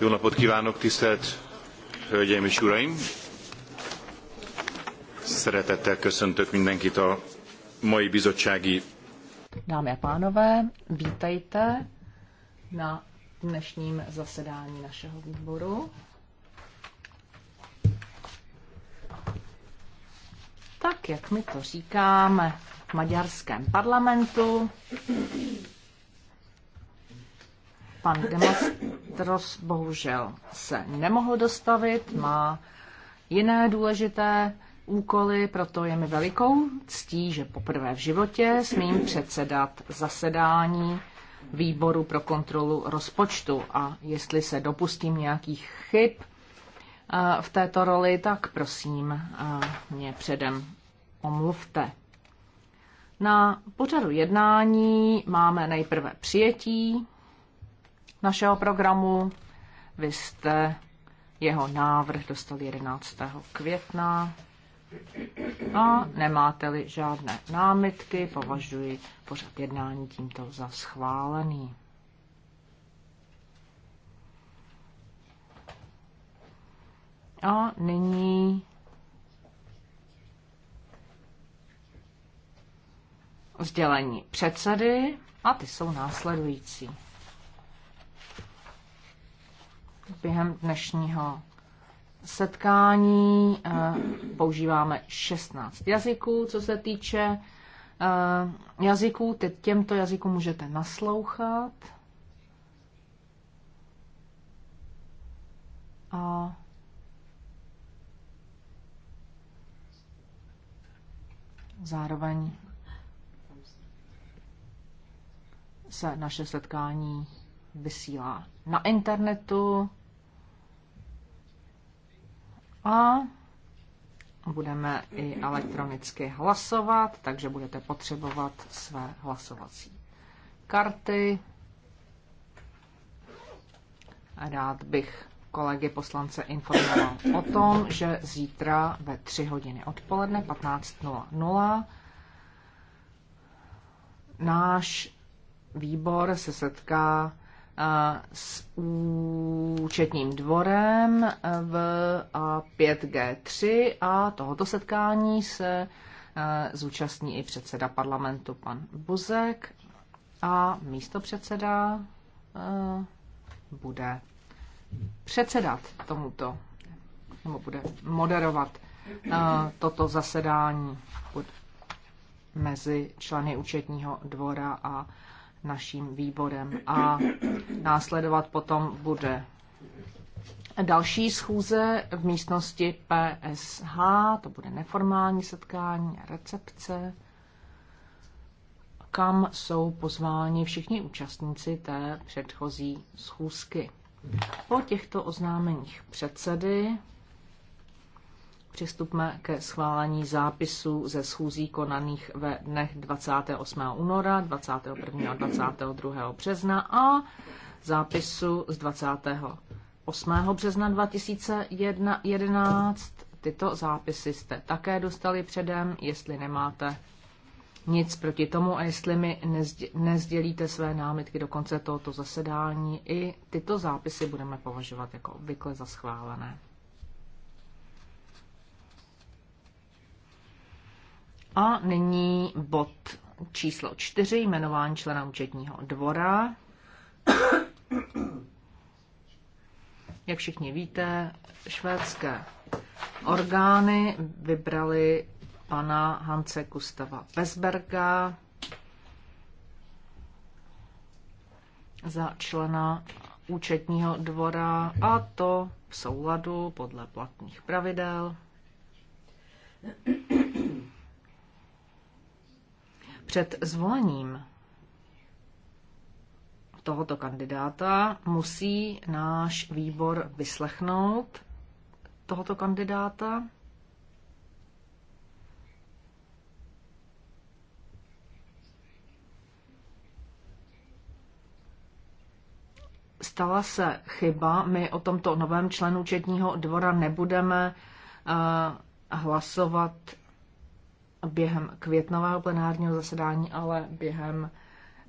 Jó napot kívánok, tisztelt Hölgyeim és Uraim! Szeretettel köszöntök mindenkit a mai bizottsági... Dámy a pánové, vítejte na dnešním zasedání našeho výboru. Tak, jak my to říkáme v maďarském parlamentu, Pan Demastros bohužel se nemohl dostavit, má jiné důležité úkoly, proto je mi velikou ctí, že poprvé v životě smím předsedat zasedání výboru pro kontrolu rozpočtu a jestli se dopustím nějakých chyb eh, v této roli, tak prosím eh, mě předem omluvte. Na pořadu jednání máme nejprve přijetí našeho programu. Vy jste jeho návrh dostal 11. května a nemáte-li žádné námitky, považuji pořad jednání tímto za schválený. A nyní sdělení předsedy a ty jsou následující během dnešního setkání. Eh, používáme 16 jazyků, co se týče eh, jazyků. Těmto jazykům můžete naslouchat. A zároveň se naše setkání vysílá na internetu. A budeme i elektronicky hlasovat, takže budete potřebovat své hlasovací karty. Rád bych kolegy poslance informoval o tom, že zítra ve 3 hodiny odpoledne 15.00 náš výbor se setká s účetním dvorem v 5G3 a tohoto setkání se zúčastní i předseda parlamentu pan Buzek a místo předseda bude předsedat tomuto, nebo bude moderovat toto zasedání mezi členy účetního dvora a naším výborem a následovat potom bude další schůze v místnosti PSH, to bude neformální setkání, recepce, kam jsou pozváni všichni účastníci té předchozí schůzky. Po těchto oznámeních předsedy Přistupme ke schválení zápisu ze schůzí konaných ve dnech 28. února, 21. a 22. března a zápisu z 28. března 2011. Tyto zápisy jste také dostali předem, jestli nemáte nic proti tomu a jestli mi nezdělíte své námitky do konce tohoto zasedání, i tyto zápisy budeme považovat jako obvykle za schválené. A nyní bod číslo čtyři, jmenování člena účetního dvora. Jak všichni víte, švédské orgány vybrali pana Hance Gustava Pesberga za člena účetního dvora a to v souladu podle platných pravidel před zvolením tohoto kandidáta musí náš výbor vyslechnout tohoto kandidáta. Stala se chyba, my o tomto novém členu Četního dvora nebudeme eh, hlasovat během květnového plenárního zasedání, ale během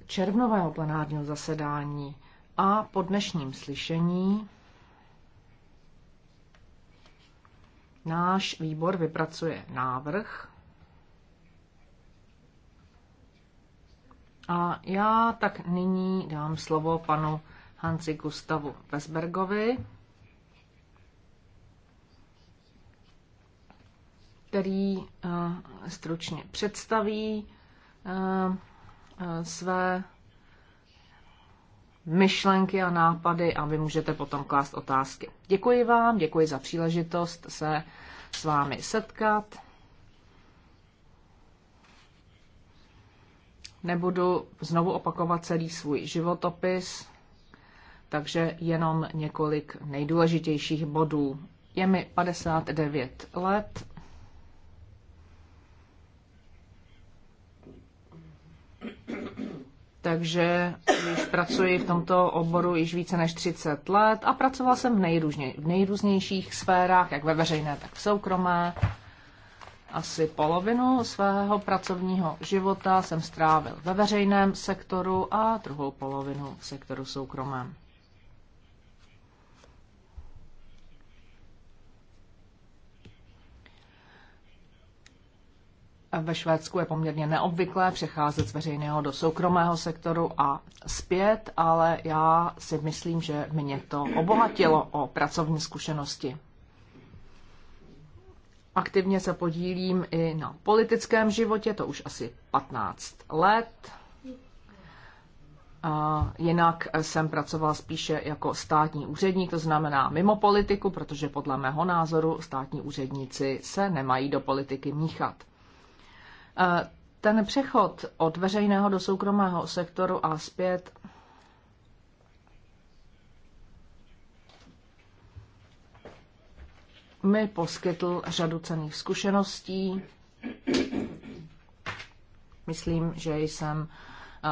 červnového plenárního zasedání a po dnešním slyšení náš výbor vypracuje návrh a já tak nyní dám slovo panu Hanci Gustavu Vesbergovi, který eh, stručně představí eh, eh, své myšlenky a nápady a vy můžete potom klást otázky. Děkuji vám, děkuji za příležitost se s vámi setkat. Nebudu znovu opakovat celý svůj životopis, takže jenom několik nejdůležitějších bodů. Je mi 59 let, takže již pracuji v tomto oboru již více než 30 let a pracovala jsem v, nejrůzně, v nejrůznějších sférách, jak ve veřejné, tak v soukromé. Asi polovinu svého pracovního života jsem strávil ve veřejném sektoru a druhou polovinu v sektoru soukromém. ve Švédsku je poměrně neobvyklé přecházet z veřejného do soukromého sektoru a zpět, ale já si myslím, že mě to obohatilo o pracovní zkušenosti. Aktivně se podílím i na politickém životě, to už asi 15 let. A jinak jsem pracoval spíše jako státní úředník, to znamená mimo politiku, protože podle mého názoru státní úředníci se nemají do politiky míchat. Ten přechod od veřejného do soukromého sektoru a zpět mi poskytl řadu cených zkušeností. Myslím, že jsem eh,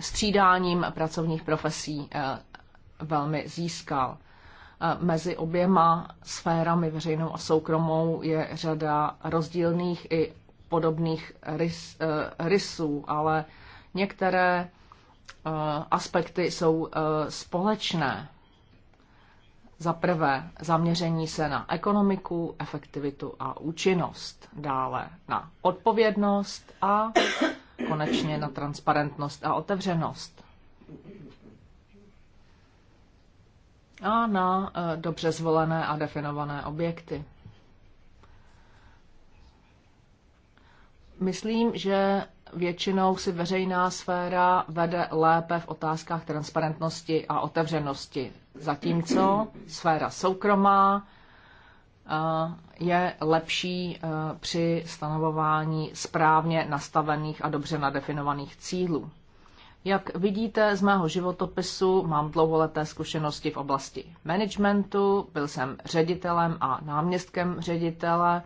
střídáním pracovních profesí eh, velmi získal. Eh, mezi oběma sférami veřejnou a soukromou je řada rozdílných i podobných rys, eh, rysů, ale některé eh, aspekty jsou eh, společné. Za prvé zaměření se na ekonomiku, efektivitu a účinnost, dále na odpovědnost a konečně na transparentnost a otevřenost. A na dobře zvolené a definované objekty. Myslím, že většinou si veřejná sféra vede lépe v otázkách transparentnosti a otevřenosti, zatímco sféra soukromá eh, je lepší eh, při stanovování správně nastavených a dobře nadefinovaných cílů. Jak vidíte z mého životopisu, mám dlouholeté zkušenosti v oblasti managementu, byl jsem ředitelem a náměstkem ředitele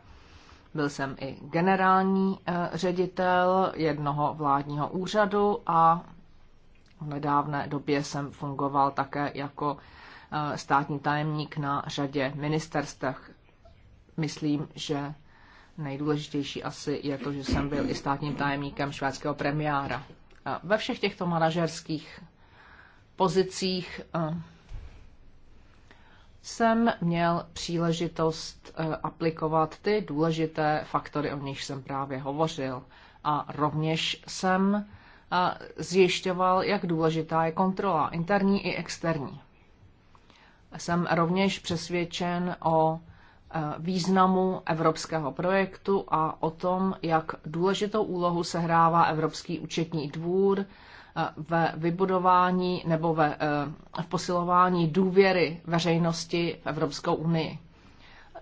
byl jsem i generální eh, ředitel jednoho vládního úřadu a v nedávné době jsem fungoval také jako eh, státní tajemník na řadě ministerstech. Myslím, že nejdůležitější asi je to, že jsem byl i státním tajemníkem švédského premiéra. Eh, ve všech těchto manažerských pozicích jsem měl příležitost eh, aplikovat ty důležité faktory, o nich jsem právě hovořil. A rovněž jsem eh, zjišťoval, jak důležitá je kontrola, interní i externí. Jsem rovněž přesvědčen o eh, významu evropského projektu a o tom, jak důležitou úlohu sehrává Evropský účetní dvůr Eh, ve vybudování nebo ve, eh, v posilování důvěry veřejnosti v Evropskou unii.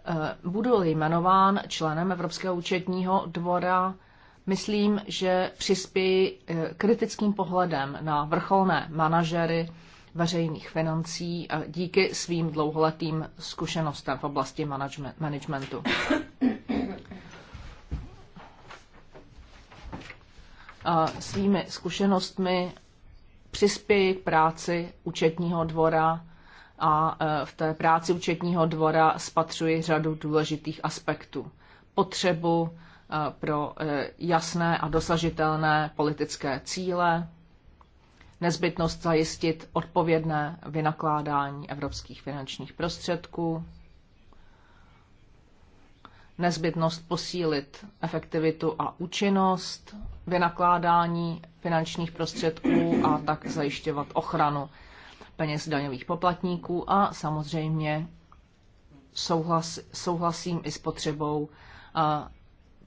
Eh, budu-li jmenován členem Evropského účetního dvora, myslím, že přispěji kritickým pohledem na vrcholné manažery veřejných financí díky svým dlouholetým zkušenostem v oblasti managementu. svými zkušenostmi přispěji k práci účetního dvora a e, v té práci účetního dvora spatřuji řadu důležitých aspektů. Potřebu e, pro e, jasné a dosažitelné politické cíle, nezbytnost zajistit odpovědné vynakládání evropských finančních prostředků, nezbytnost posílit efektivitu a účinnost vynakládání finančních prostředků a tak zajišťovat ochranu peněz daňových poplatníků a samozřejmě souhlas, souhlasím i s potřebou a,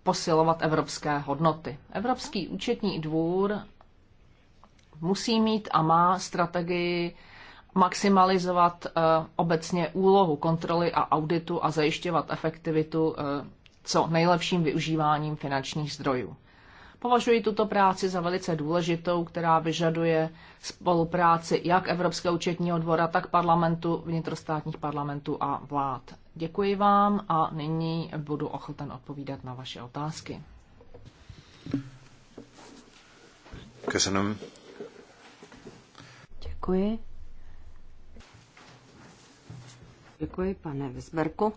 posilovat evropské hodnoty. Evropský účetní dvůr musí mít a má strategii maximalizovat eh, obecně úlohu kontroly a auditu a zajišťovat efektivitu eh, co nejlepším využíváním finančních zdrojů. Považuji tuto práci za velice důležitou, která vyžaduje spolupráci jak Evropského účetního dvora, tak parlamentu, vnitrostátních parlamentů a vlád. Děkuji vám a nyní budu ochoten odpovídat na vaše otázky. Děkuji. Děkuji, pane Vesberku,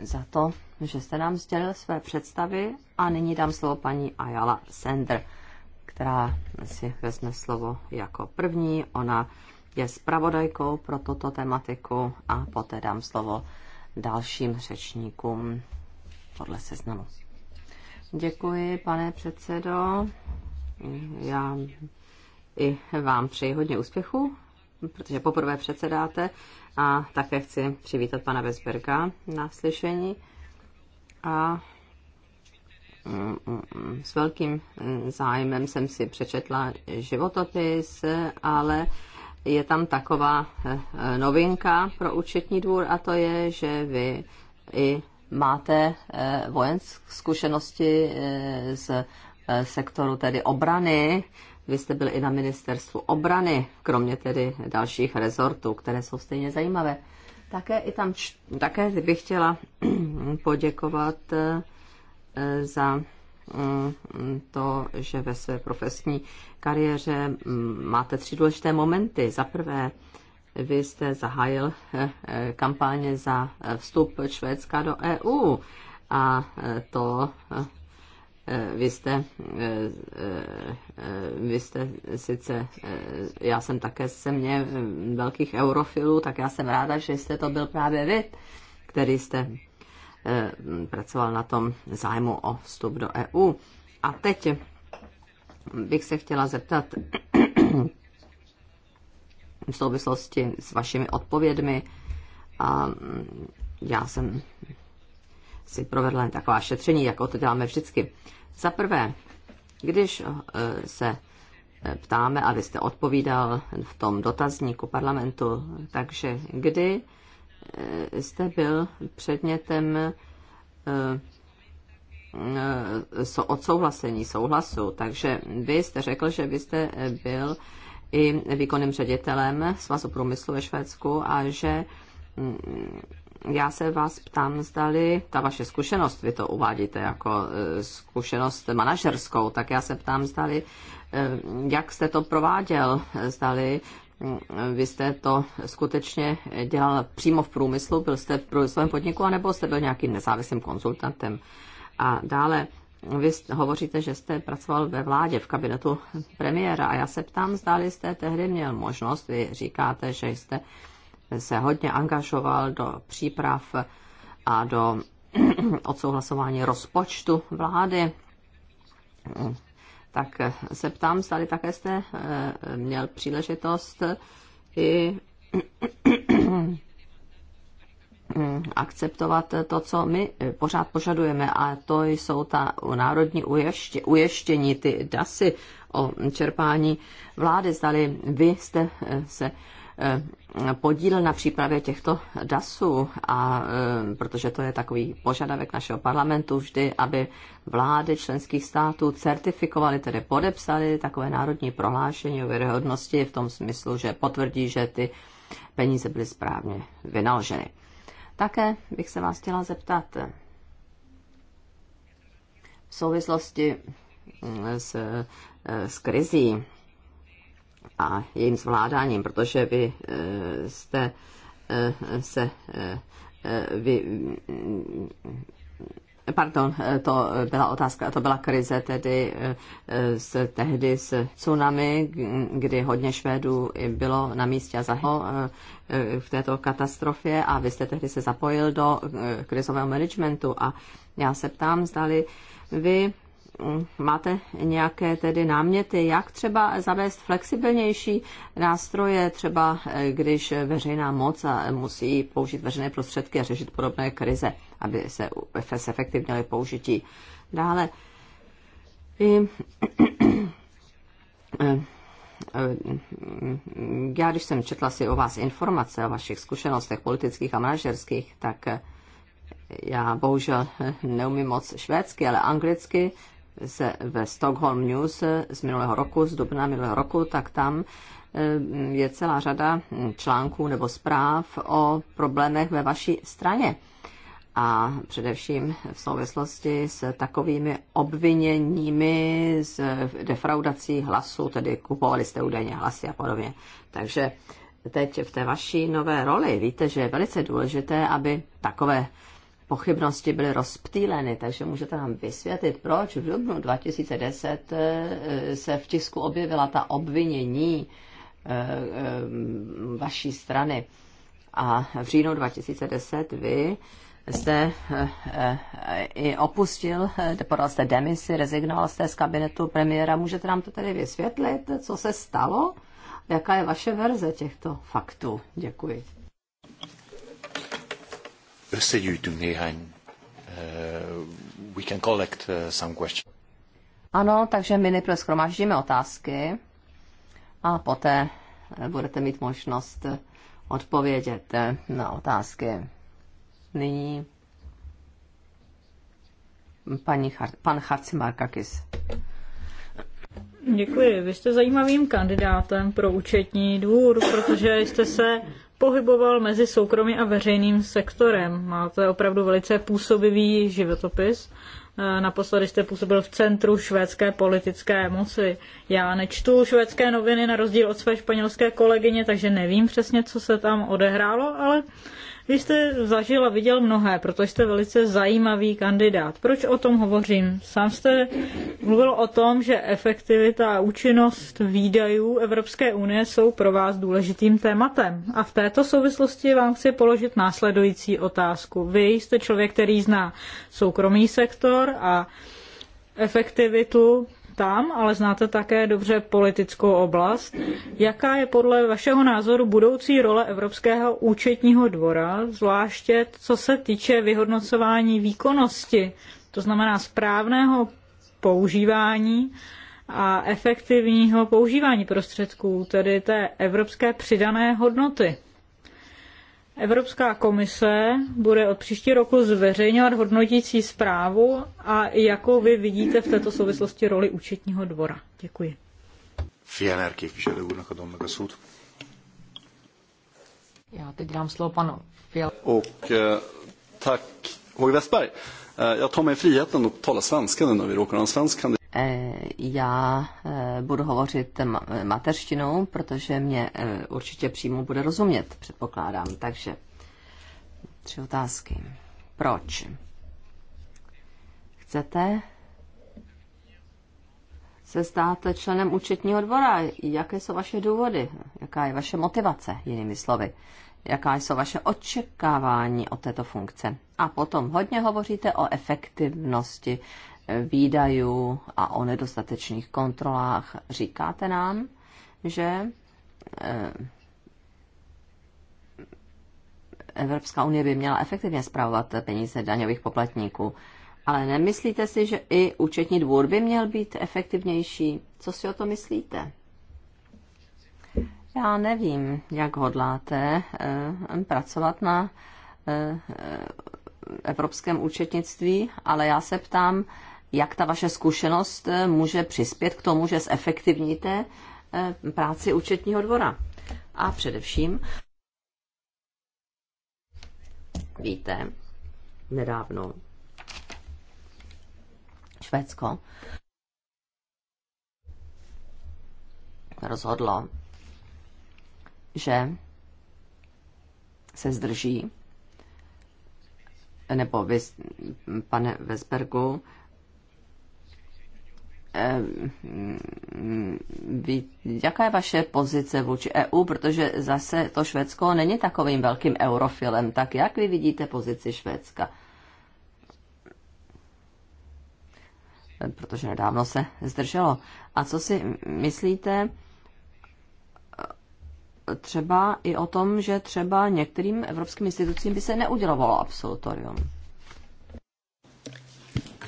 za to, že jste nám sdělil své představy a nyní dám slovo paní Ayala Sender, která si vezme slovo jako první. Ona je zpravodajkou pro tuto tematiku a poté dám slovo dalším řečníkům podle seznamu. Děkuji, pane předsedo. Já i vám přeji hodně úspěchu protože poprvé předsedáte a také chci přivítat pana Vesberga na slyšení a mm, mm, mm, s velkým zájmem jsem si přečetla životopis, ale je tam taková eh, novinka pro účetní dvůr a to je, že vy i máte eh, vojenské zkušenosti eh, z sektoru tedy obrany, vy jste byl i na ministerstvu obrany, kromě tedy dalších rezortů, které jsou stejně zajímavé. Také, i tam, také bych chtěla poděkovat eh, za mm, to, že ve své profesní kariéře mm, máte tři důležité momenty. Za prvé, vy jste zahájil eh, eh, kampáně za vstup Švédska do EU a to Eh, vy jste, eh, eh, vy jste sice, já jsem také se mě velkých eurofilů, tak já jsem ráda, že jste to byl právě vy, který jste pracoval na tom zájmu o vstup do EU. A teď bych se chtěla zeptat v souvislosti s vašimi odpovědmi. A mm, já jsem si provedla taková šetření, jako to děláme vždycky. Za prvé, když eh, se eh, ptáme, a vy jste odpovídal v tom dotazníku parlamentu, takže kdy eh, jste byl předmětem odsouhlasení, souhlasu. Takže vy jste řekl, že vy jste byl i výkonným ředitelem Svazu průmyslu ve Švédsku a že mm, já se vás ptám, zdali ta vaše zkušenost, vy to uvádíte jako e, zkušenost manažerskou, tak já se ptám, zdali, e, jak jste to prováděl, zdali vy jste to skutečně dělal přímo v průmyslu, byl jste v průmyslovém podniku, anebo jste byl nějakým nezávislým konzultantem. A dále, vy hovoříte, že jste pracoval ve vládě, v kabinetu premiéra a já se ptám, zdali jste tehdy měl možnost, vy říkáte, že jste se hodně angažoval do příprav a do odsouhlasování rozpočtu vlády. Tak se ptám, zdali také jste eh, měl příležitost i akceptovat to, co my pořád požadujeme, a to jsou ta národní uještě, uještění, ty DASy o čerpání vlády. Zdali vy jste eh, se Eh, podíl na přípravě těchto DASů, a, eh, protože to je takový požadavek našeho parlamentu vždy, aby vlády členských států certifikovaly, tedy podepsaly takové národní prohlášení o věrohodnosti v tom smyslu, že potvrdí, že ty peníze byly správně vynaloženy. Také bych se vás chtěla zeptat eh, v souvislosti mm, s, s krizí a jejím zvládáním, protože vy eh, jste eh, se eh, vy, mm, Pardon, to byla otázka, to byla krize tedy s, tehdy s tsunami, kdy hodně Švédů bylo na místě a v této katastrofě a vy jste tehdy se zapojil do krizového managementu a já se ptám, zdali vy máte nějaké tedy náměty, jak třeba zavést flexibilnější nástroje, třeba eh, když veřejná moc eh, musí použít veřejné prostředky a řešit podobné krize, aby se efektivněly použití. Dále i eh, já když jsem četla si o vás informace, o vašich zkušenostech politických a manažerských, tak já bohužel neumím moc švédsky, ale anglicky se ve Stockholm News z minulého roku, z dubna minulého roku, tak tam eh, je celá řada článků nebo zpráv o problémech ve vaší straně. A především v souvislosti s takovými obviněními z defraudací hlasu, tedy kupovali jste údajně hlasy a podobně. Takže teď v té vaší nové roli víte, že je velice důležité, aby takové pochybnosti byly rozptýleny, takže můžete nám vysvětlit, proč v dubnu 2010 eh, se v tisku objevila ta obvinění eh, eh, vaší strany. A v říjnu 2010 vy jste i opustil, podal jste demisi, rezignoval jste z kabinetu premiéra. Můžete nám to tedy vysvětlit, co se stalo? Jaká je vaše verze těchto faktů? Děkuji összegyűjtünk néhány, eh, we can collect eh, some questions. Ano, takže my nejprve schromáždíme otázky a poté eh, budete mít možnost odpovědět na otázky. Nyní paní, pan Markakis. Děkuji. Vy jste zajímavým kandidátem pro účetní dvůr, protože jste se pohyboval mezi soukromým a veřejným sektorem. Máte opravdu velice působivý životopis. E, Naposledy jste působil v centru švédské politické moci. Já nečtu švédské noviny na rozdíl od své španělské kolegyně, takže nevím přesně, co se tam odehrálo, ale vy jste zažil a viděl mnohé, protože jste velice zajímavý kandidát. Proč o tom hovořím? Sám jste mluvil o tom, že efektivita a účinnost výdajů Evropské unie jsou pro vás důležitým tématem. A v této souvislosti vám chci položit následující otázku. Vy jste člověk, který zná soukromý sektor a efektivitu tam, ale znáte také dobře politickou oblast. Jaká je podle vašeho názoru budoucí role Evropského účetního dvora, zvláště co se týče vyhodnocování výkonnosti, to znamená správného používání a efektivního používání prostředků, tedy té evropské přidané hodnoty? Evropská komise bude od příští roku zveřejňovat hodnotící zprávu a jakou vy vidíte v této souvislosti roli účetního dvora. Děkuji. Fianer képviselő úrnak adom meg a szót. Já teď dám slovo panu Fial. Och eh, tack Håg Westberg. Eh, jag tar mig friheten att tala svenska nu vi råkar ha en svensk kandidat. Eh, já eh, budu hovořit mateřštinou, protože mě eh, určitě přímo bude rozumět, předpokládám. Takže tři otázky. Proč? Chcete se stát členem účetního dvora? Jaké jsou vaše důvody? Jaká je vaše motivace, jinými slovy? Jaká jsou vaše očekávání od této funkce? A potom hodně hovoříte o efektivnosti výdajů a o nedostatečných kontrolách. Říkáte nám, že eh, Evropská unie by měla efektivně zpravovat peníze daňových poplatníků. Ale nemyslíte si, že i účetní dvůr by měl být efektivnější? Co si o to myslíte? Já nevím, jak hodláte eh, pracovat na eh, evropském účetnictví, ale já se ptám, jak ta vaše zkušenost eh, může přispět k tomu, že zefektivníte eh, práci účetního dvora. A především, víte, nedávno Švédsko rozhodlo, že se zdrží, nebo vy, pane Vesbergu, Ehm, mm, jaká je vaše pozice vůči EU, protože zase to Švédsko není takovým velkým eurofilem. Tak jak vy vidíte pozici Švédska? Protože nedávno se zdrželo. A co si myslíte eh, třeba i o tom, že třeba některým evropským institucím by se neudělovalo absolutorium?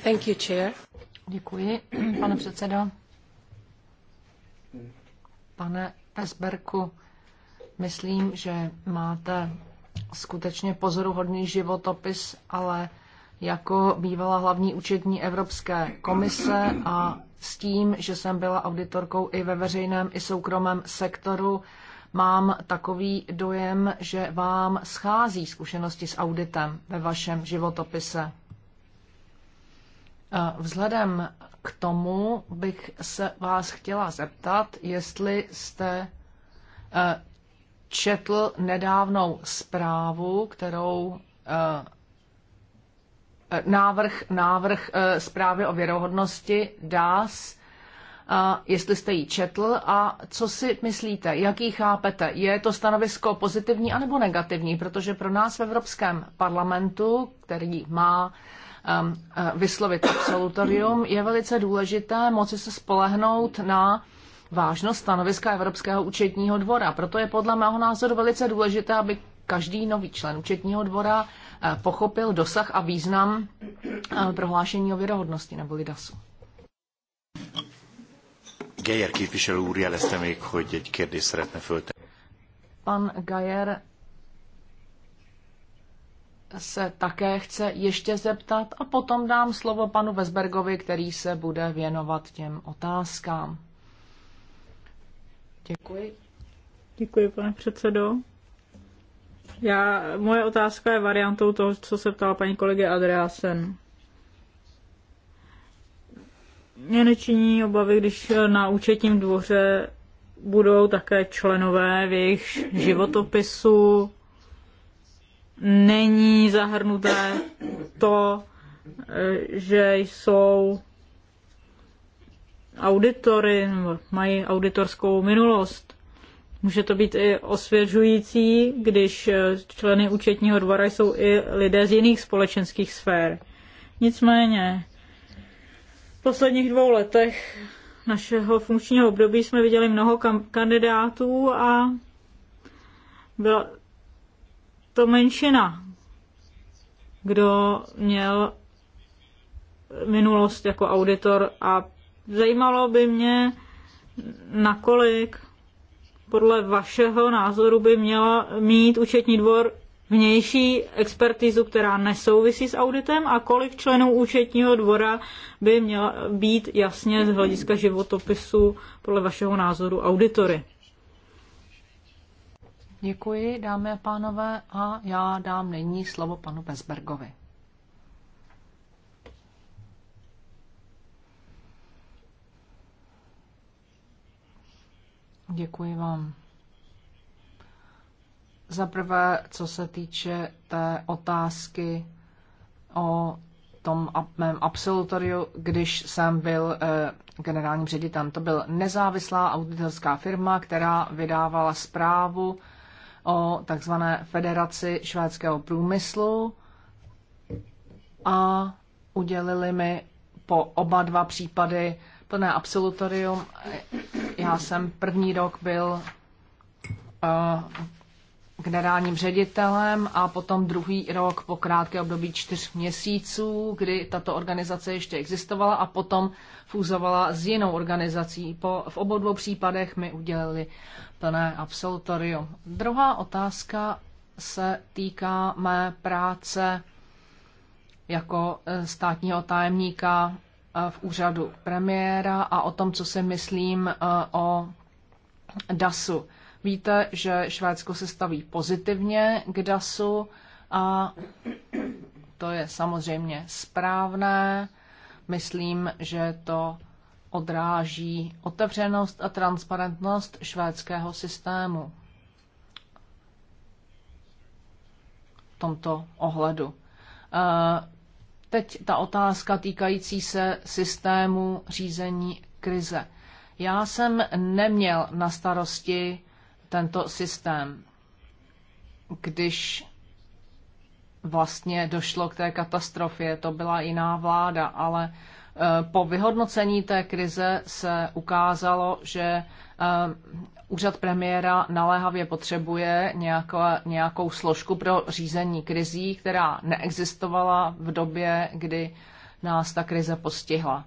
Thank you, chair. Děkuji, pane předsedo. Pane Pesberku, myslím, že máte skutečně pozoruhodný životopis, ale jako bývala hlavní účetní Evropské komise a s tím, že jsem byla auditorkou i ve veřejném i soukromém sektoru, mám takový dojem, že vám schází zkušenosti s auditem ve vašem životopise. Vzhledem k tomu bych se vás chtěla zeptat, jestli jste eh, četl nedávnou zprávu, kterou eh, návrh, návrh eh, zprávy o věrohodnosti DAS, jestli jste ji četl a co si myslíte, jaký chápete? Je to stanovisko pozitivní anebo negativní? Protože pro nás v Evropském parlamentu, který má Um, uh, vyslovit absolutorium, je velice důležité moci se spolehnout na vážnost stanoviska Evropského účetního dvora. Proto je podle mého názoru velice důležité, aby každý nový člen účetního dvora uh, pochopil dosah a význam uh, prohlášení o věrohodnosti neboli DASu. Geyer úr jelezte még, hogy egy kérdést szeretne föltenni. Pan Gajer se také chce ještě zeptat a potom dám slovo panu Vesbergovi, který se bude věnovat těm otázkám. Děkuji. Děkuji, pane předsedo. Já, moje otázka je variantou toho, co se ptala paní kolegy Adriásen. Mě nečiní obavy, když na účetním dvoře budou také členové v jejich životopisu není zahrnuté to, eh, že jsou auditory nebo mají auditorskou minulost. Může to být i osvěžující, když eh, členy účetního dvora jsou i lidé z jiných společenských sfér. Nicméně, v posledních dvou letech našeho funkčního období jsme viděli mnoho kandidátů a byla to menšina, kdo měl minulost jako auditor a zajímalo by mě, nakolik podle vašeho názoru by měla mít účetní dvor vnější expertizu, která nesouvisí s auditem a kolik členů účetního dvora by měla být jasně z hlediska životopisu podle vašeho názoru auditory. Děkuji, dámy a pánové, a já dám nyní slovo panu Bezbergovi. Děkuji vám. Za prvé, co se týče té otázky o tom mém absolutoriu, když jsem byl eh, generálním ředitelem. To byl nezávislá auditorská firma, která vydávala zprávu o takzvané Federaci švédského průmyslu a udělili mi po oba dva případy plné absolutorium. Já jsem první rok byl eh, generálním ředitelem a potom druhý rok po krátké období čtyř měsíců, kdy tato organizace ještě existovala a potom fúzovala s jinou organizací. Po, v obou dvou případech mi udělili plné absolutorium. Druhá otázka se týká mé práce jako e, státního tajemníka e, v úřadu premiéra a o tom, co si myslím e, o DASu. Víte, že Švédsko se staví pozitivně k DASu a to je samozřejmě správné. Myslím, že to odráží otevřenost a transparentnost švédského systému v tomto ohledu. Eh, teď ta otázka týkající se systému řízení krize. Já jsem neměl na starosti tento systém, když vlastně došlo k té katastrofě, to byla jiná vláda, ale eh, po vyhodnocení té krize se ukázalo, že eh, úřad premiéra naléhavě potřebuje nějakou, nějakou složku pro řízení krizí, která neexistovala v době, kdy nás ta krize postihla.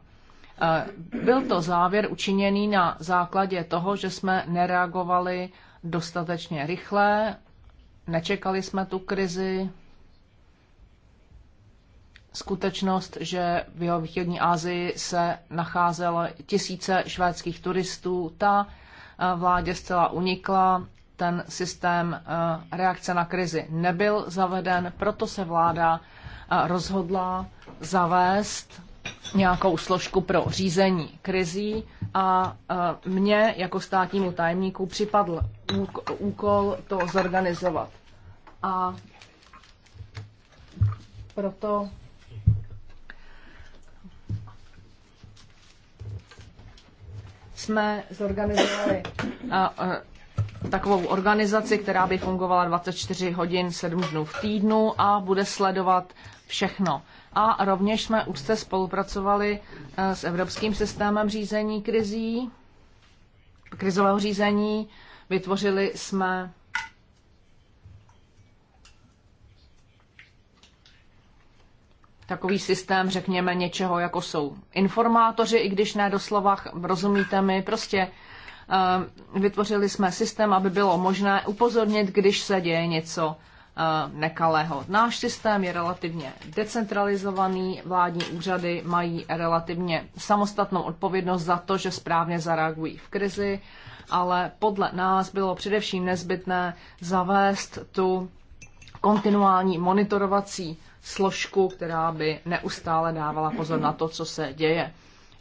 Eh, byl to závěr učiněný na základě toho, že jsme nereagovali dostatečně rychlé, nečekali jsme tu krizi. Skutečnost, že v jeho východní Asii se nacházelo tisíce švédských turistů, ta eh, vládě zcela unikla, ten systém eh, reakce na krizi nebyl zaveden, proto se vláda eh, rozhodla zavést nějakou složku pro řízení krizí a mně jako státnímu tajemníku připadl úkol to zorganizovat. A proto jsme zorganizovali takovou organizaci, která by fungovala 24 hodin 7 dnů v týdnu a bude sledovat všechno a rovněž jsme úzce spolupracovali eh, s Evropským systémem řízení krizí, krizového řízení. Vytvořili jsme takový systém, řekněme, něčeho, jako jsou informátoři, i když ne doslova, rozumíte mi, prostě eh, vytvořili jsme systém, aby bylo možné upozornit, když se děje něco Eh, nekalého. Náš systém je relativně decentralizovaný, vládní úřady mají relativně samostatnou odpovědnost za to, že správně zareagují v krizi, ale podle nás bylo především nezbytné zavést tu kontinuální monitorovací složku, která by neustále dávala pozor na to, co se děje.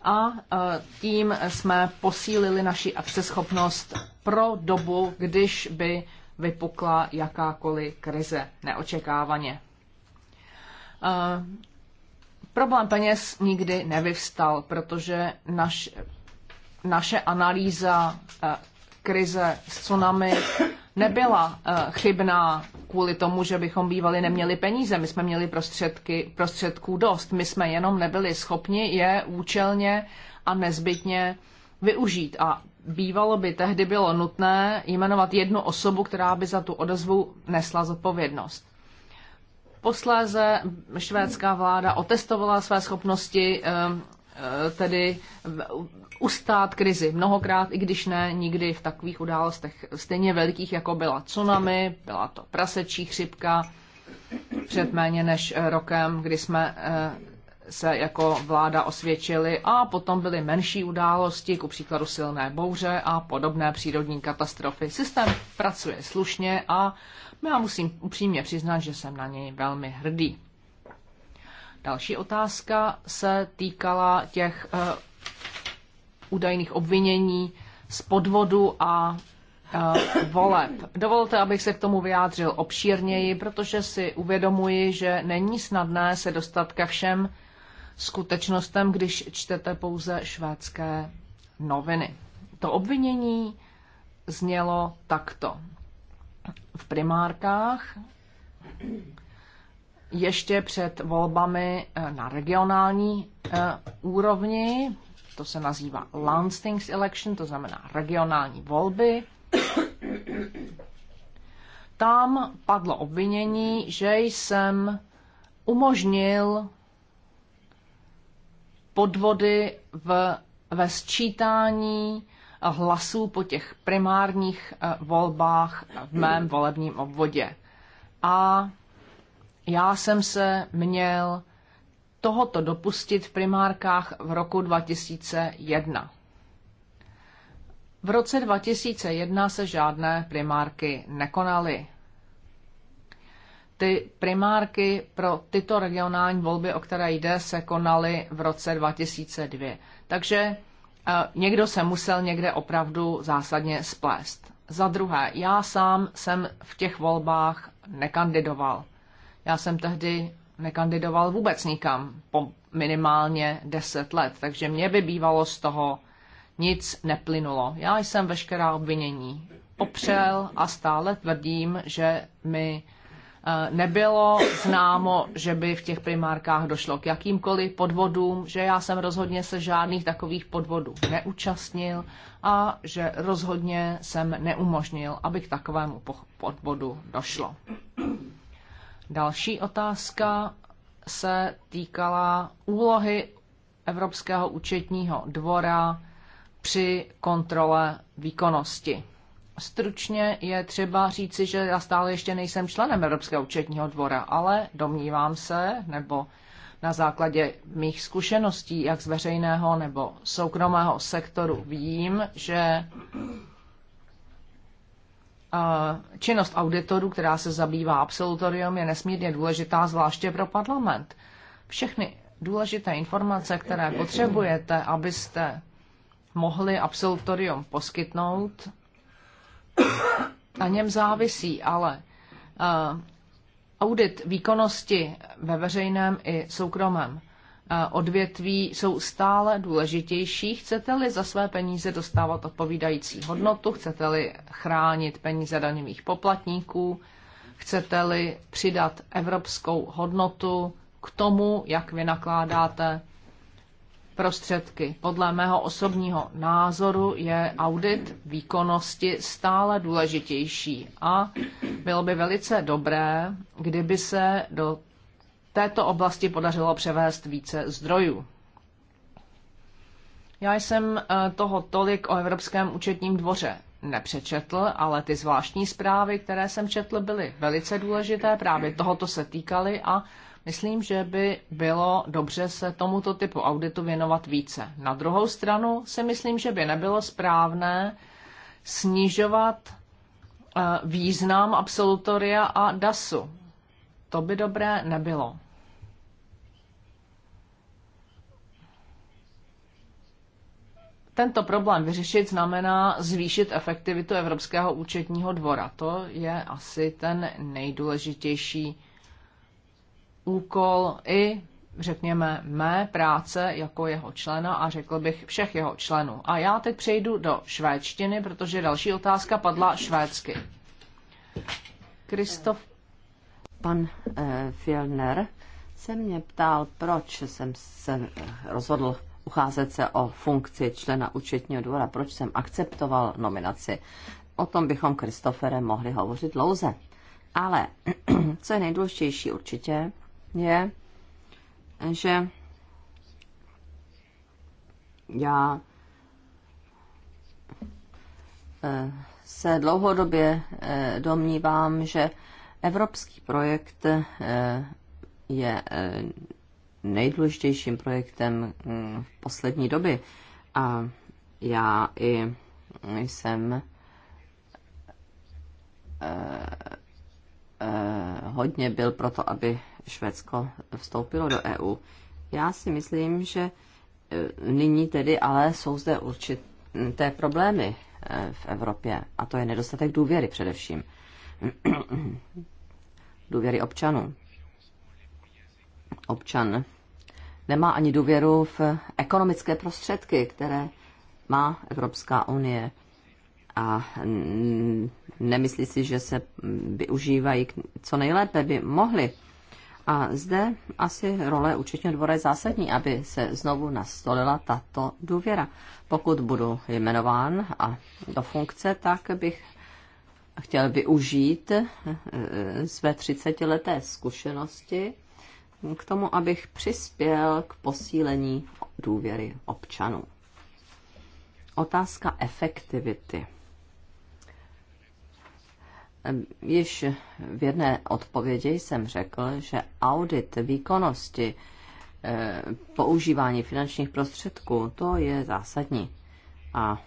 A eh, tím jsme posílili naši akceschopnost pro dobu, když by vypukla jakákoliv krize neočekávaně. Uh, problém peněz nikdy nevyvstal, protože naš, naše analýza uh, krize s tsunami nebyla uh, chybná kvůli tomu, že bychom bývali neměli peníze. My jsme měli prostředky, prostředků dost. My jsme jenom nebyli schopni je účelně a nezbytně využít. A bývalo by tehdy bylo nutné jmenovat jednu osobu, která by za tu odezvu nesla zodpovědnost. Posléze švédská vláda otestovala své schopnosti eh, eh, tedy ustát krizi mnohokrát, i když ne nikdy v takových událostech stejně velkých jako byla tsunami, byla to prasečí chřipka před méně než rokem, kdy jsme eh, se jako vláda osvědčily a potom byly menší události, ku příkladu silné bouře a podobné přírodní katastrofy. Systém pracuje slušně a já musím upřímně přiznat, že jsem na něj velmi hrdý. Další otázka se týkala těch e, údajných obvinění z podvodu a eh, voleb. Dovolte, abych se k tomu vyjádřil obšírněji, protože si uvědomuji, že není snadné se dostat ke všem skutečnostem, když čtete pouze švédské noviny. To obvinění znělo takto. V primárkách ještě před volbami eh, na regionální eh, úrovni, to se nazývá Landstings Election, to znamená regionální volby, tam padlo obvinění, že jsem umožnil podvody v, ve sčítání hlasů po těch primárních eh, volbách v mém volebním obvodě. A já jsem se měl tohoto dopustit v primárkách v roku 2001. V roce 2001 se žádné primárky nekonaly. Ty primárky pro tyto regionální volby, o které jde, se konaly v roce 2002. Takže eh, někdo se musel někde opravdu zásadně splést. Za druhé, já sám jsem v těch volbách nekandidoval. Já jsem tehdy nekandidoval vůbec nikam po minimálně 10 let, takže mě by bývalo z toho nic neplynulo. Já jsem veškerá obvinění opřel a stále tvrdím, že mi Eh, nebylo známo, že by v těch primárkách došlo k jakýmkoliv podvodům, že já jsem rozhodně se žádných takových podvodů neúčastnil a že rozhodně jsem neumožnil, aby k takovému podvodu došlo. Další otázka se týkala úlohy Evropského účetního dvora při kontrole výkonnosti. Stručně je třeba říci, že já stále ještě nejsem členem Evropského účetního dvora, ale domnívám se, nebo na základě mých zkušeností, jak z veřejného nebo soukromého sektoru, vím, že eh, činnost auditorů, která se zabývá absolutorium, je nesmírně důležitá, zvláště pro parlament. Všechny důležité informace, které potřebujete, abyste mohli absolutorium poskytnout, na něm závisí, ale eh, audit výkonnosti ve veřejném i soukromém eh, odvětví jsou stále důležitější. Chcete-li za své peníze dostávat odpovídající hodnotu, chcete-li chránit peníze daňových poplatníků, chcete-li přidat evropskou hodnotu k tomu, jak vynakládáte prostředky. Podle mého osobního názoru je audit výkonnosti stále důležitější a bylo by velice dobré, kdyby se do této oblasti podařilo převést více zdrojů. Já jsem eh, toho tolik o Evropském účetním dvoře nepřečetl, ale ty zvláštní zprávy, které jsem četl, byly velice důležité, právě tohoto se týkaly a Myslím, že by bylo dobře se tomuto typu auditu věnovat více. Na druhou stranu si myslím, že by nebylo správné snižovat eh, význam absolutoria a DASu. To by dobré nebylo. Tento problém vyřešit znamená zvýšit efektivitu Evropského účetního dvora. To je asi ten nejdůležitější úkol i, řekněme, mé práce jako jeho člena a řekl bych všech jeho členů. A já teď přejdu do švédštiny, protože další otázka padla švédsky. Kristof. Pan eh, Filner se mě ptal, proč jsem se rozhodl ucházet se o funkci člena účetního dvora, proč jsem akceptoval nominaci. O tom bychom Kristoferem mohli hovořit dlouze. Ale co je nejdůležitější určitě, je, že já eh, se dlouhodobě eh, domnívám, že evropský projekt eh, je nejdůležitějším projektem mm, v poslední doby. A já i jsem hodně byl proto, aby Švédsko vstoupilo do EU. Já si myslím, že e, nyní tedy ale jsou zde určité problémy e, v Evropě a to je nedostatek důvěry především. důvěry občanů. Občan nemá ani důvěru v ekonomické prostředky, které má Evropská unie a nemyslí si, že se využívají co nejlépe by mohli. A zde asi role účetního dvora je zásadní, aby se znovu nastolila tato důvěra. Pokud budu jmenován a do funkce, tak bych chtěl využít eh, své 30-leté zkušenosti k tomu, abych přispěl k posílení důvěry občanů. Otázka efektivity. Již v jedné odpovědi jsem řekl, že audit výkonnosti eh, používání finančních prostředků, to je zásadní. A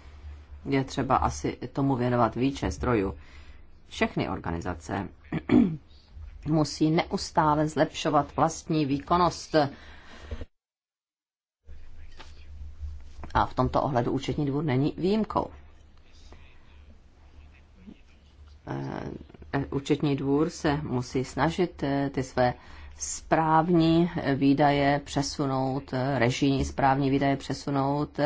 je třeba asi tomu věnovat více zdrojů. Všechny organizace musí neustále zlepšovat vlastní výkonnost. A v tomto ohledu účetní dvůr není výjimkou. Eh, účetní dvůr se musí snažit eh, ty své správní eh, výdaje přesunout, režijní správní výdaje přesunout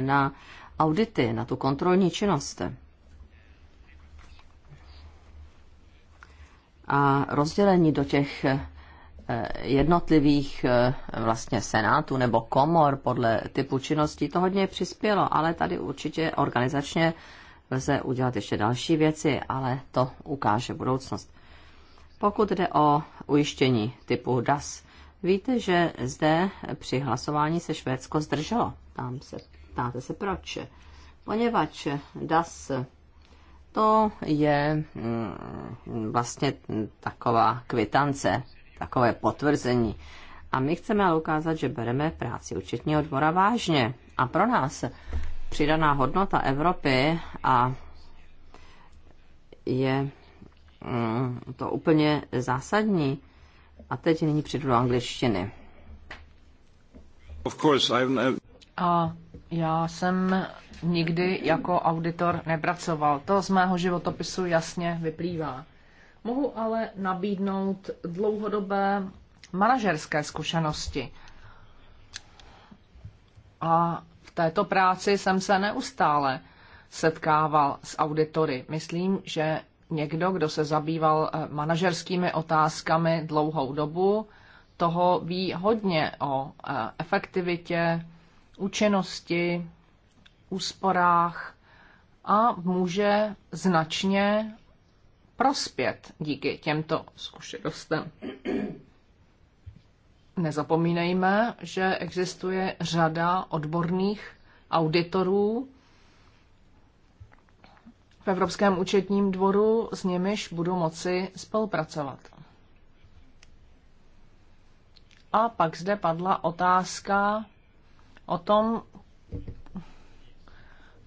na audity, na tu kontrolní činnost. A rozdělení do těch jednotlivých vlastně senátů nebo komor podle typu činností to hodně přispělo, ale tady určitě organizačně lze udělat ještě další věci, ale to ukáže budoucnost. Pokud jde o ujištění typu DAS, víte, že zde při hlasování se Švédsko zdrželo. Tam se ptáte se proč. Poněvadž DAS to je mm, vlastně taková kvitance, takové potvrzení. A my chceme ale ukázat, že bereme práci účetního dvora vážně. A pro nás přidaná hodnota Evropy a je mm, to úplně zásadní. A teď nyní přijdu do angličtiny. Of course, I've... Uh, a já jsem nikdy jako auditor nepracoval. To z mého životopisu jasně vyplývá. Mohu ale nabídnout dlouhodobé manažerské zkušenosti. A této práci jsem se neustále setkával s auditory. Myslím, že někdo, kdo se zabýval eh, manažerskými otázkami dlouhou dobu, toho ví hodně o eh, efektivitě, účinnosti, úsporách a může značně prospět díky těmto zkušenostem nezapomínejme, že existuje řada odborných auditorů v Evropském účetním dvoru, s nimiž budu moci spolupracovat. A pak zde padla otázka o tom,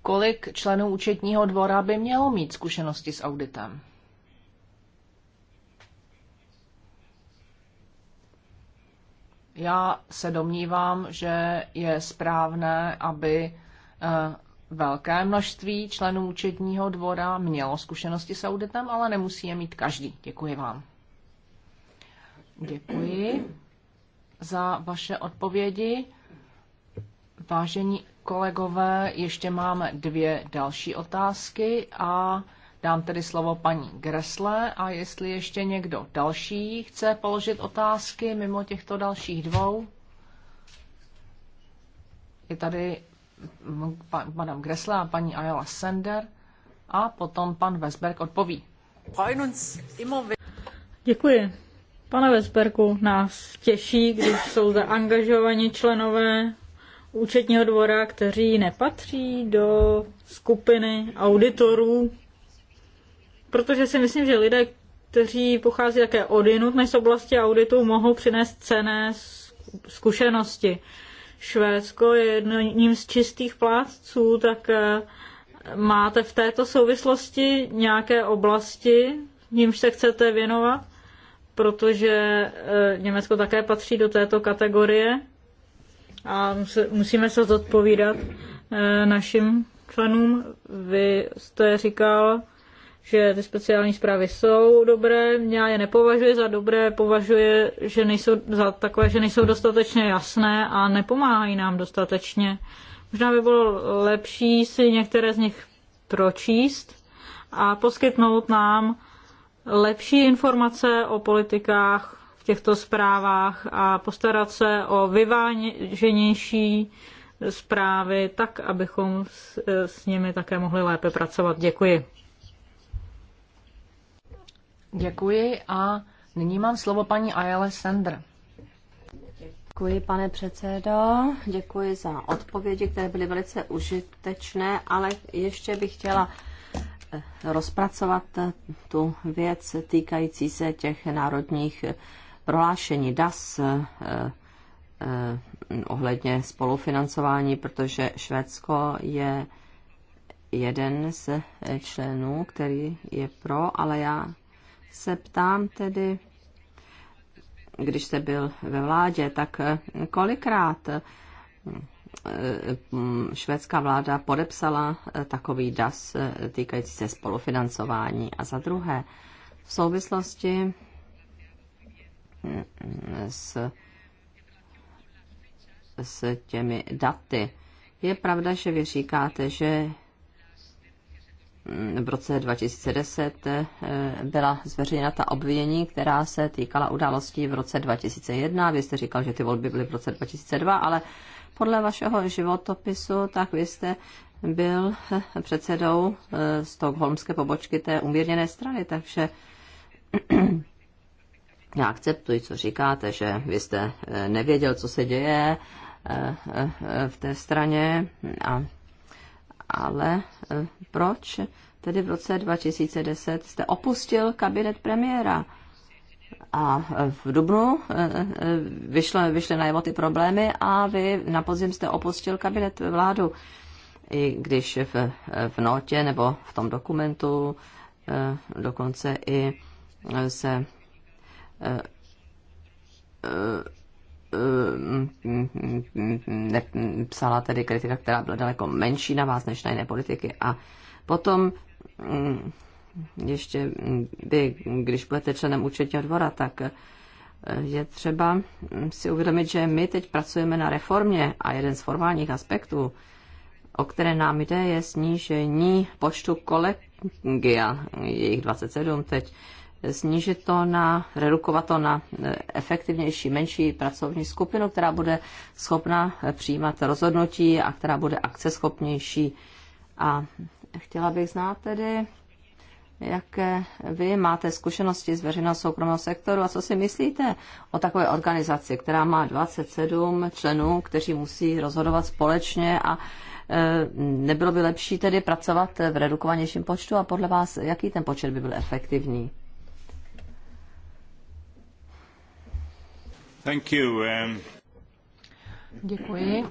kolik členů účetního dvora by mělo mít zkušenosti s auditem. Já se domnívám, že je správné, aby eh, velké množství členů účetního dvora mělo zkušenosti s auditem, ale nemusí je mít každý. Děkuji vám. Děkuji za vaše odpovědi. Vážení kolegové, ještě máme dvě další otázky a Dám tedy slovo paní Gresle a jestli ještě někdo další chce položit otázky mimo těchto dalších dvou. Je tady panem madam a paní Ayala Sender a potom pan Vesberg odpoví. Děkuji. Pane Vesberku, nás těší, když jsou zaangažovaní členové účetního dvora, kteří nepatří do skupiny auditorů, protože si myslím, že lidé, kteří pochází také od jinut než z oblasti auditu, mohou přinést cené zkušenosti. Švédsko je jedním z čistých plátců, tak eh, máte v této souvislosti nějaké oblasti, nímž se chcete věnovat, protože eh, Německo také patří do této kategorie a musíme se zodpovídat eh, našim členům. Vy jste říkal, že ty speciální zprávy jsou dobré, já je nepovažuji za dobré, považuji že nejsou, za takové, že nejsou dostatečně jasné a nepomáhají nám dostatečně. Možná by bylo lepší si některé z nich pročíst a poskytnout nám lepší informace o politikách v těchto zprávách a postarat se o vyváženější zprávy tak, abychom s, s nimi také mohli lépe pracovat. Děkuji. Děkuji a nyní mám slovo paní Ayala Sender. Děkuji, pane předsedo. Děkuji za odpovědi, které byly velice užitečné, ale ještě bych chtěla eh, rozpracovat eh, tu věc týkající se těch národních eh, prohlášení DAS eh, eh, ohledně spolufinancování, protože Švédsko je jeden z členů, který je pro, ale já se ptám tedy, když jste byl ve vládě, tak kolikrát eh, eh, švédská vláda podepsala eh, takový DAS týkající se spolufinancování. A za druhé, v souvislosti mm, s, s těmi daty, je pravda, že vy říkáte, že v roce 2010 eh, byla zveřejněna ta obvinění, která se týkala událostí v roce 2001. Vy jste říkal, že ty volby byly v roce 2002, ale podle vašeho životopisu, tak vy jste byl eh, předsedou eh, stokholmské pobočky té umírněné strany, takže já akceptuji, co říkáte, že vy jste nevěděl, co se děje v té straně, a, ale Eh, proč tedy v roce 2010 jste opustil kabinet premiéra. A eh, v Dubnu eh, vyšly, vyšly najevo ty problémy a vy na podzim jste opustil kabinet vládu. I když v, v notě nebo v tom dokumentu dokonce i se Eh, ne, psala tedy kritika, která byla daleko menší na vás než na jiné politiky. A potom mm, ještě vy, když budete členem účetního dvora, tak eh, je třeba mm, si uvědomit, že my teď pracujeme na reformě a jeden z formálních aspektů, o které nám jde, je snížení počtu kolegia, jejich 27 teď, snížit to na, redukovat to na e, efektivnější, menší pracovní skupinu, která bude schopna přijímat rozhodnutí a která bude akceschopnější. A chtěla bych znát tedy, jaké vy máte zkušenosti z veřejného soukromého sektoru a co si myslíte o takové organizaci, která má 27 členů, kteří musí rozhodovat společně a e, nebylo by lepší tedy pracovat v redukovanějším počtu a podle vás, jaký ten počet by byl efektivní? Um, Děkuji.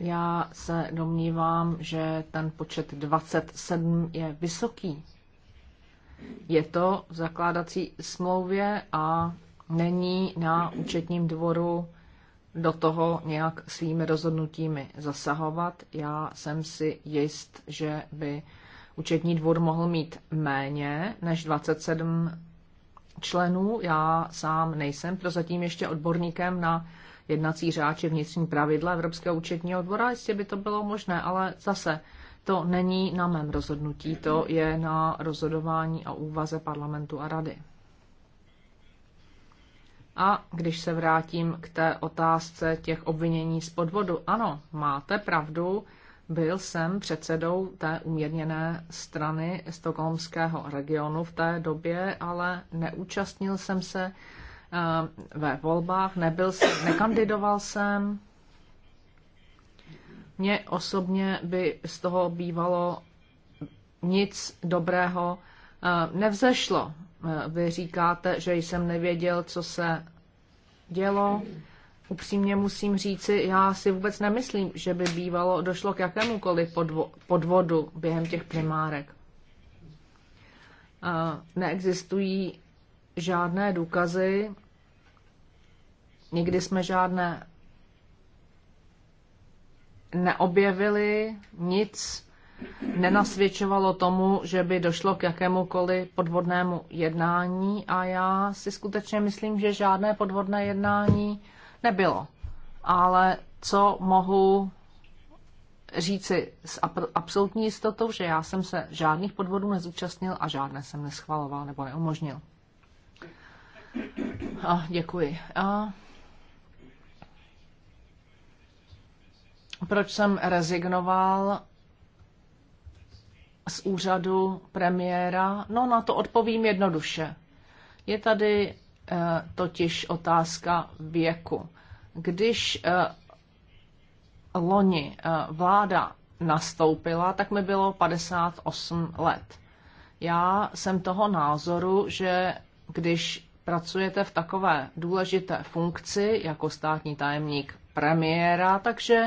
Já se domnívám, že ten počet 27 je vysoký. Je to v zakládací smlouvě a není na účetním dvoru do toho nějak svými rozhodnutími zasahovat. Já jsem si jist, že by účetní dvůr mohl mít méně než 27 členů. Já sám nejsem prozatím ještě odborníkem na jednací řád vnitřní pravidla Evropského účetního dvora, jistě by to bylo možné, ale zase to není na mém rozhodnutí, to je na rozhodování a úvaze parlamentu a rady. A když se vrátím k té otázce těch obvinění z podvodu, ano, máte pravdu, byl jsem předsedou té uměrněné strany stokholmského regionu v té době, ale neúčastnil jsem se eh, ve volbách, nebyl jsem, nekandidoval jsem. Mně osobně by z toho bývalo nic dobrého eh, nevzešlo. Eh, vy říkáte, že jsem nevěděl, co se dělo upřímně musím říci, já si vůbec nemyslím, že by bývalo došlo k jakémukoliv podvo- podvodu během těch primárek. Neexistují žádné důkazy, nikdy jsme žádné neobjevili, nic nenasvědčovalo tomu, že by došlo k jakémukoliv podvodnému jednání a já si skutečně myslím, že žádné podvodné jednání nebylo. Ale co mohu říci s absolutní jistotou, že já jsem se žádných podvodů nezúčastnil a žádné jsem neschvaloval nebo neumožnil. A, děkuji. A... Proč jsem rezignoval z úřadu premiéra? No, na to odpovím jednoduše. Je tady Eh, totiž otázka věku. Když eh, loni eh, vláda nastoupila, tak mi bylo 58 let. Já jsem toho názoru, že když pracujete v takové důležité funkci jako státní tajemník premiéra, takže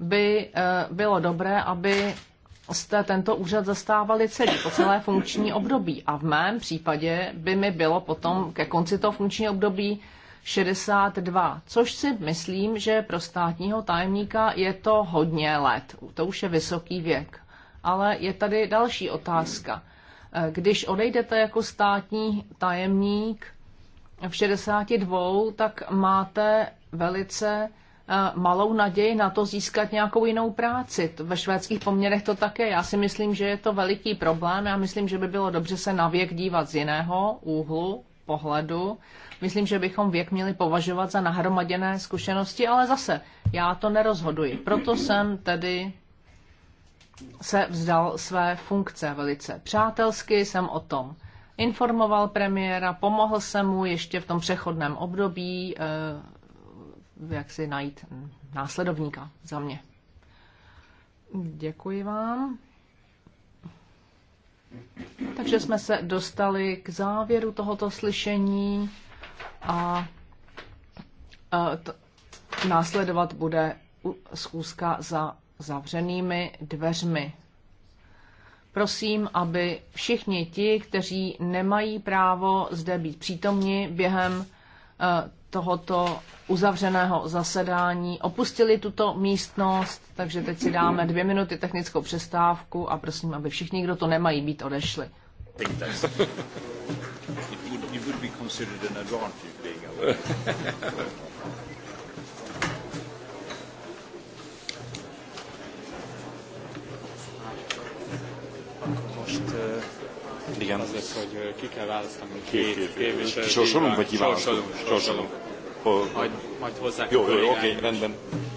by bylo dobré, aby tento úřad zastávali celý, po celé funkční období. A v mém případě by mi bylo potom ke konci toho funkčního období 62, což si myslím, že pro státního tajemníka je to hodně let. To už je vysoký věk. Ale je tady další otázka. Když odejdete jako státní tajemník v 62, tak máte velice Eh, malou naději na to získat nějakou jinou práci. Ve švédských poměrech to také. Já si myslím, že je to veliký problém. Já myslím, že by bylo dobře se na věk dívat z jiného úhlu pohledu. Myslím, že bychom věk měli považovat za nahromaděné zkušenosti, ale zase já to nerozhoduji. Proto jsem tedy se vzdal své funkce velice přátelsky, jsem o tom informoval premiéra, pomohl jsem mu ještě v tom přechodném období eh, jak si najít následovníka za mě. Děkuji vám. Takže jsme se dostali k závěru tohoto slyšení a, a t, následovat bude schůzka za zavřenými dveřmi. Prosím, aby všichni ti, kteří nemají právo zde být přítomni během e, tohoto uzavřeného zasedání opustili tuto místnost, takže teď si dáme dvě minuty technickou přestávku a prosím, aby všichni, kdo to nemají být, odešli. Most uh... Igen. Az lesz, hogy eh, ki kell választani két képviselőt. Sorsolunk, vagy kiválasztunk? Sorsolunk. Sorsolunk. Majd, majd hozzá. Jó, jó, oké, rendben.